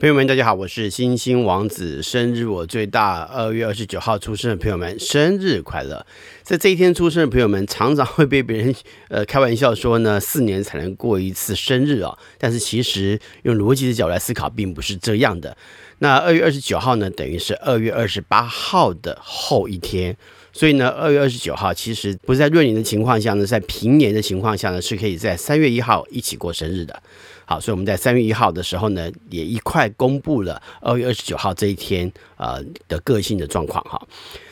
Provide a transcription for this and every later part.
朋友們，大家好，我是星星王子，生日我最大，二月二十九號出生的朋友們，生日快樂！在這一天出生的朋友們，常常會被別人呃開玩笑說呢，四年才能過一次生日啊、哦。但是其實用邏輯的角度來思考，並不是這樣的。那二月二十九號呢，等於是二月二十八號的後一天，所以呢，二月二十九號其實不是在閏年的情況下呢，在平年的情況下呢，是可以在三月一號一起過生日的。好，所以我們在三月一號的時候呢，也一塊公布了二月二十九號這一天呃的個性的狀況哈。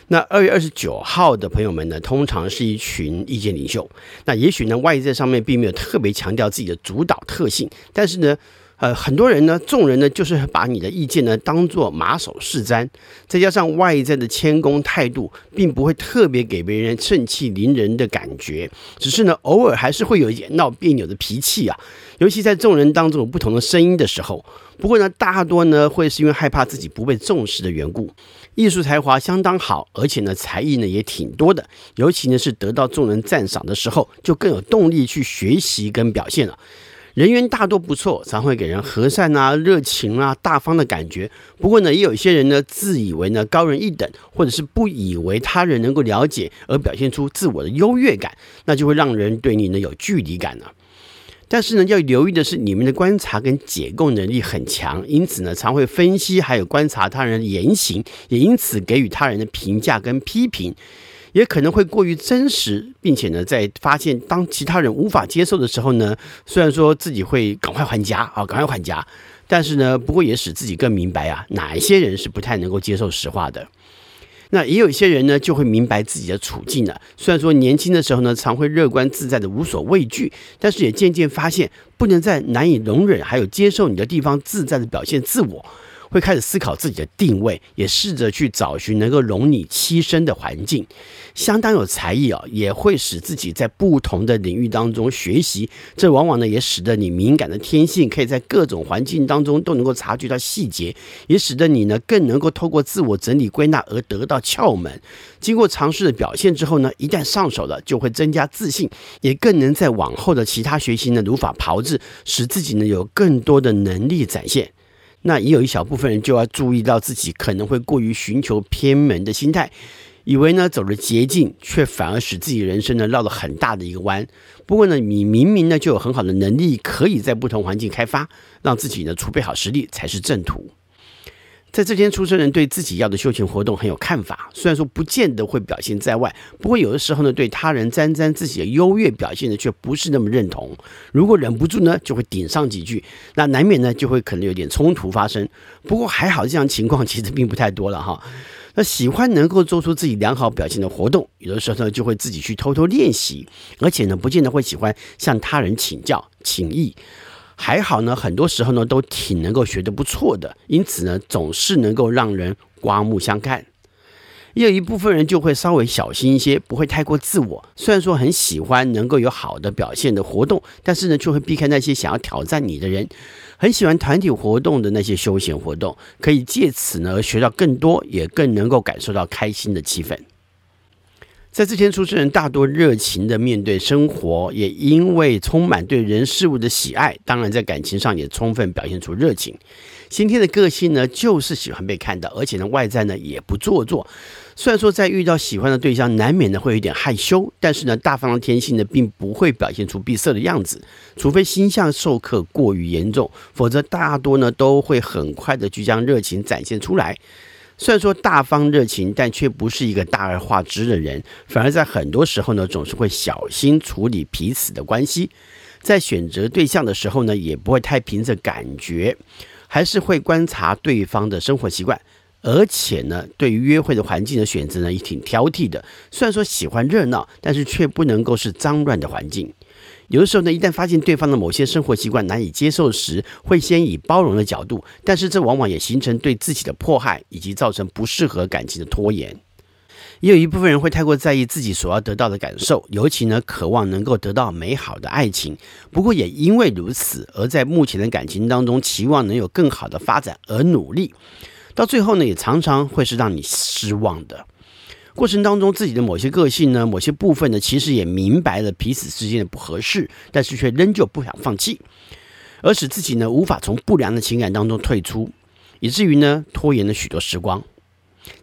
那二月二十九號的朋友們呢，通常是一群意見領袖。那也許呢，外界上面並沒有特別強調自己的主導特性，但是呢。呃，很多人呢，眾人呢，就是把你的意見呢當做馬首是瞻，再加上外在的謙恭態度，並不會特別給別人盛氣凌人的感覺，只是呢，偶爾還是會有一點鬧彆扭的脾氣啊。尤其在眾人當中有不同的聲音的時候，不過呢，大多呢會是因為害怕自己不被重視的緣故。藝術才華相當好，而且呢，才藝呢也挺多的，尤其呢是得到眾人讚賞的時候，就更有動力去學習跟表現了。人緣大多不錯，常會給人和善啊、熱情啊、大方的感覺。不過呢，也有一些人呢，自以為呢高人一等，或者是不以為他人能夠了解，而表現出自我的優越感，那就會讓人對你呢有距離感了。但是呢，要留意的是，你們的觀察跟解構能力很強，因此呢，常會分析還有觀察他人的言行，也因此給予他人的評價跟批評。也可能會過於真實，並且呢，在發現當其他人無法接受的時候呢，雖然說自己會趕快還家啊，趕快還家，但是呢，不過也使自己更明白啊，哪一些人是不太能夠接受實話的。那也有一些人呢，就會明白自己的處境了。雖然說年輕的時候呢，常會樂觀自在的無所畏懼，但是也漸漸發現，不能在難以容忍還有接受你的地方，自在的表現自我。會開始思考自己的定位，也試着去找尋能夠容你棲身的環境，相當有才藝啊、哦，也會使自己在不同的領域當中學習。這往往呢也使得你敏感的天性可以在各種環境當中都能夠察覺到細節，也使得你呢更能夠透過自我整理歸納而得到竅門。經過嘗試的表現之後呢，一旦上手了，就會增加自信，也更能在往後的其他學習呢如法炮制，使自己呢有更多的能力展現。那也有一小部分人，就要注意到自己可能會過於尋求偏門的心態，以為呢走了捷徑，卻反而使自己人生呢繞了很大的一個彎。不過呢，你明明呢就有很好的能力，可以在不同環境開發，讓自己呢儲備好實力才是正途。在這天出生人對自己要的休閒活動很有看法，雖然說不見得會表現在外，不過有的時候呢，對他人沾沾自喜的優越表現的卻不是那麼認同。如果忍不住呢，就會頂上幾句，那難免呢就會可能有點衝突發生。不過還好，這樣情況其實並不太多了哈。那喜歡能夠做出自己良好表現的活動，有的時候呢就會自己去偷偷練習，而且呢不見得會喜歡向他人請教請益。還好呢，很多時候呢都挺能夠學得不錯的，因此呢總是能夠讓人刮目相看。也有一部分人就會稍微小心一些，不會太過自我。雖然說很喜歡能夠有好的表現的活動，但是呢卻會避開那些想要挑戰你的人。很喜歡團體活動的那些休閒活動，可以借此呢學到更多，也更能夠感受到開心的氣氛。在這天出生人大多熱情的面對生活，也因為充滿對人事物的喜愛，當然在感情上也充分表現出熱情。先天的個性呢，就是喜歡被看到，而且呢外在呢也不做作。雖然說在遇到喜歡的對象，難免呢會有點害羞，但是呢大方的天性呢並不會表現出閉塞的樣子，除非星象受剋過於嚴重，否則大多呢都會很快的去將熱情展現出來。雖然說大方熱情，但卻不是一個大而化之的人，反而在很多時候呢，總是會小心處理彼此的關係，在選擇對象的時候呢，也不會太憑着感覺，還是會觀察對方的生活習慣，而且呢，對於約會的環境的選擇呢，也挺挑剔的。雖然說喜歡熱鬧，但是卻不能夠是髒亂的環境。有的時候呢，一旦發現對方的某些生活習慣難以接受時，會先以包容的角度，但是這往往也形成對自己的迫害，以及造成不適合感情的拖延。也有一部分人會太過在意自己所要得到的感受，尤其呢，渴望能夠得到美好的愛情。不過也因為如此，而在目前的感情當中，期望能有更好的發展而努力，到最後呢，也常常會是讓你失望的。過程當中，自己的某些個性呢，某些部分呢，其實也明白了彼此之間的不合適，但是卻仍舊不想放棄，而使自己呢無法從不良的情感當中退出，以至於呢拖延了許多時光。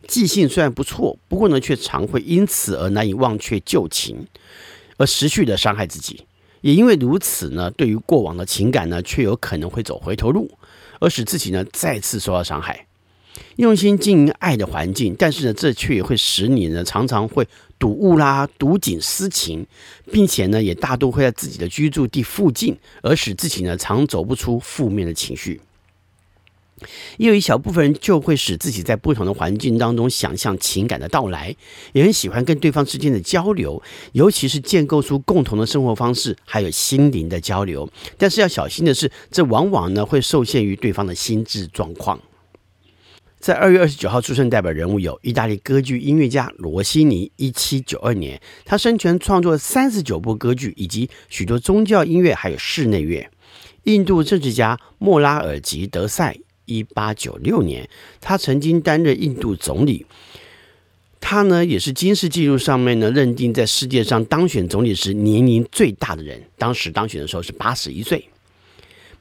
記性雖然不錯，不過呢卻常會因此而難以忘卻舊情，而持續的傷害自己。也因為如此呢，對於過往的情感呢，卻有可能會走回頭路，而使自己呢再次受到傷害。用心經營愛的環境，但是呢，這卻也會使你呢常常會睹物啦、睹景思情，並且呢，也大多會在自己的居住地附近，而使自己呢常走不出負面的情緒。也有一小部分人就會使自己在不同的環境當中想象情感的到來，也很喜歡跟對方之間的交流，尤其是建構出共同的生活方式，還有心靈的交流。但是要小心的是，這往往呢會受限於對方的心智狀況。在二月二十九號出生，代表人物有意大利歌劇音樂家羅西尼，一七九二年，他生前創作三十九部歌劇，以及許多宗教音樂，還有室內樂。印度政治家莫拉爾吉德賽，一八九六年，他曾經擔任印度總理。他呢，也是金氏紀錄上面呢認定在世界上當選總理時年齡最大的人，當時當選的時候是八十一歲。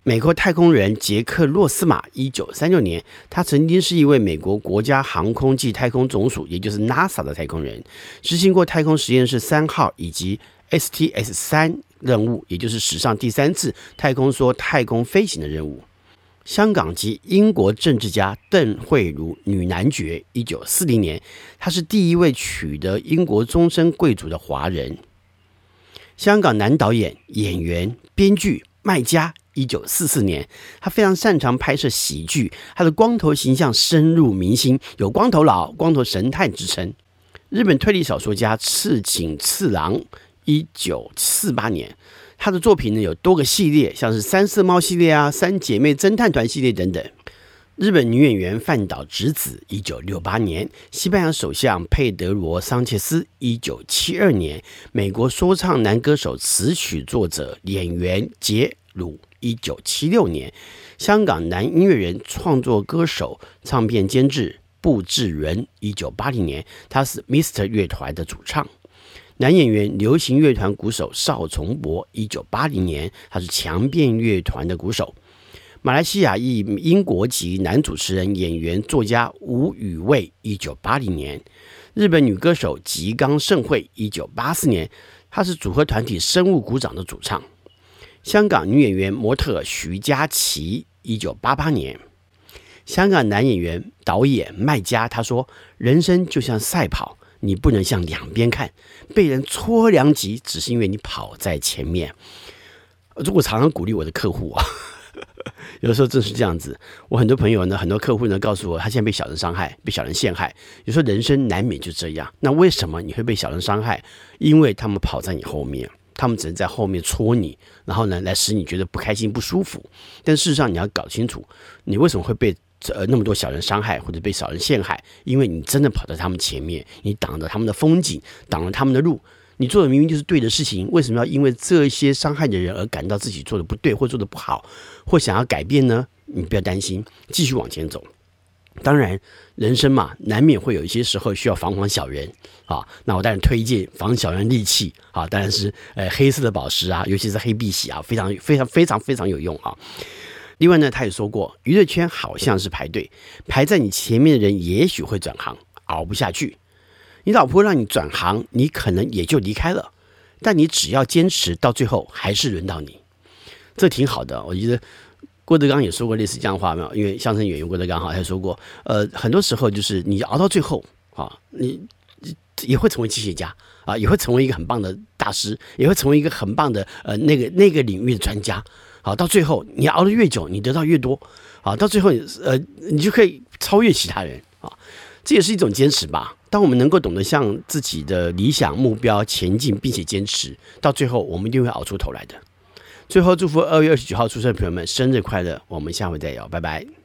美國太空人傑克·洛斯馬，一九三六年，他曾經是一位美國國家航空暨太空總署，也就是 NASA 的太空人，執行過太空實驗室三號以及 STS 三任務，也就是史上第三次太空梭太空飛行的任務。香港籍英國政治家鄧慧如女男爵，一九四零年，她是第一位取得英國終身貴族的華人。香港男導演、演員、編劇麥嘉，一九四四年，他非常擅長拍攝喜劇，他的光頭形象深入人心，有“光頭佬”“光頭神探”之稱。日本推理小說家赤川次郎，一九四八年，他的作品呢有多個系列，像是三色貓系列啊、三姐妹偵探團系列等等。日本女演員飯島直子，一九六八年。西班牙首相佩德羅·桑切斯，一九七二年。美國說唱男歌手、詞曲作者、演員傑魯。一九七六年，香港男音樂人、創作歌手、唱片監製布志人。一九八零年，他是 Mr. 樂團的主唱。男演員、流行樂團鼓手邵崇博。一九八零年，他是強辯樂團的鼓手。馬來西亞裔英國籍男主持人、演員、作家吳宇衛。一九八零年，日本女歌手吉岡聖惠。一九八四年，她是組合團體生物股長的主唱。香港女演員、模特徐佳琪，一九八八年。香港男演員、導演麥嘉，他說：“人生就像賽跑，你不能向兩邊看。被人戳兩極，只是因為你跑在前面。如果常常鼓勵我的客戶，有時候正是這樣子。我很多朋友呢，很多客戶呢告訴我，他現在被小人傷害，被小人陷害。有時候人生難免就這樣。那為什麼你會被小人傷害？因為他們跑在你後面。”他們只能在後面戳你，然後呢，來使你覺得不開心、不舒服。但事實上，你要搞清楚，你為什麼會被呃那麼多小人傷害，或者被小人陷害？因為你真的跑到他們前面，你擋着他們的風景，擋了他們的路。你做的明明就是對的事情，為什麼要因為這些傷害的人而感到自己做的不對，或做的不好，或想要改變呢？你不要擔心，繼續往前走。當然，人生嘛，難免會有一些時候需要防防小人啊。那我當然推薦防小人利器啊，當然是呃黑色的寶石啊，尤其是黑碧璽啊，非常非常非常非常有用啊。另外呢，他也說過，娛樂圈好像是排隊，排在你前面的人也許會轉行，熬不下去。你老婆讓你轉行，你可能也就離開了。但你只要堅持到最後，還是輪到你，這挺好的。我覺得。郭德綱也說過類似這樣的話嘛。因為相聲演員郭德綱哈，還說過，呃，很多時候就是你熬到最後啊，你也會成為企業家啊，也會成為一個很棒的大師，也會成為一個很棒的呃那個那個領域的專家啊。到最後，你熬得越久，你得到越多啊。到最後，呃，你就可以超越其他人啊。這也是一種堅持吧。當我們能夠懂得向自己的理想目標前進，並且堅持到最後，我們一定會熬出頭來的。最後，祝福二月二十九號出生的朋友們生日快樂！我們下回再聊，拜拜。